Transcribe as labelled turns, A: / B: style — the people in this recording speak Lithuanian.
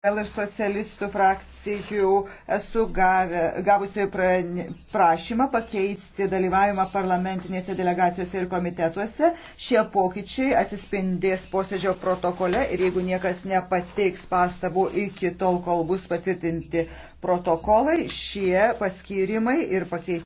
A: Vėl iš socialistų frakcijų esu gavę, gavusi prašymą pakeisti dalyvavimą parlamentinėse delegacijose ir komitetuose. Šie pokyčiai atsispindės posėdžio protokole ir jeigu niekas nepateiks pastabų iki tol, kol bus patvirtinti protokolai, šie paskyrimai ir
B: pakeitimai.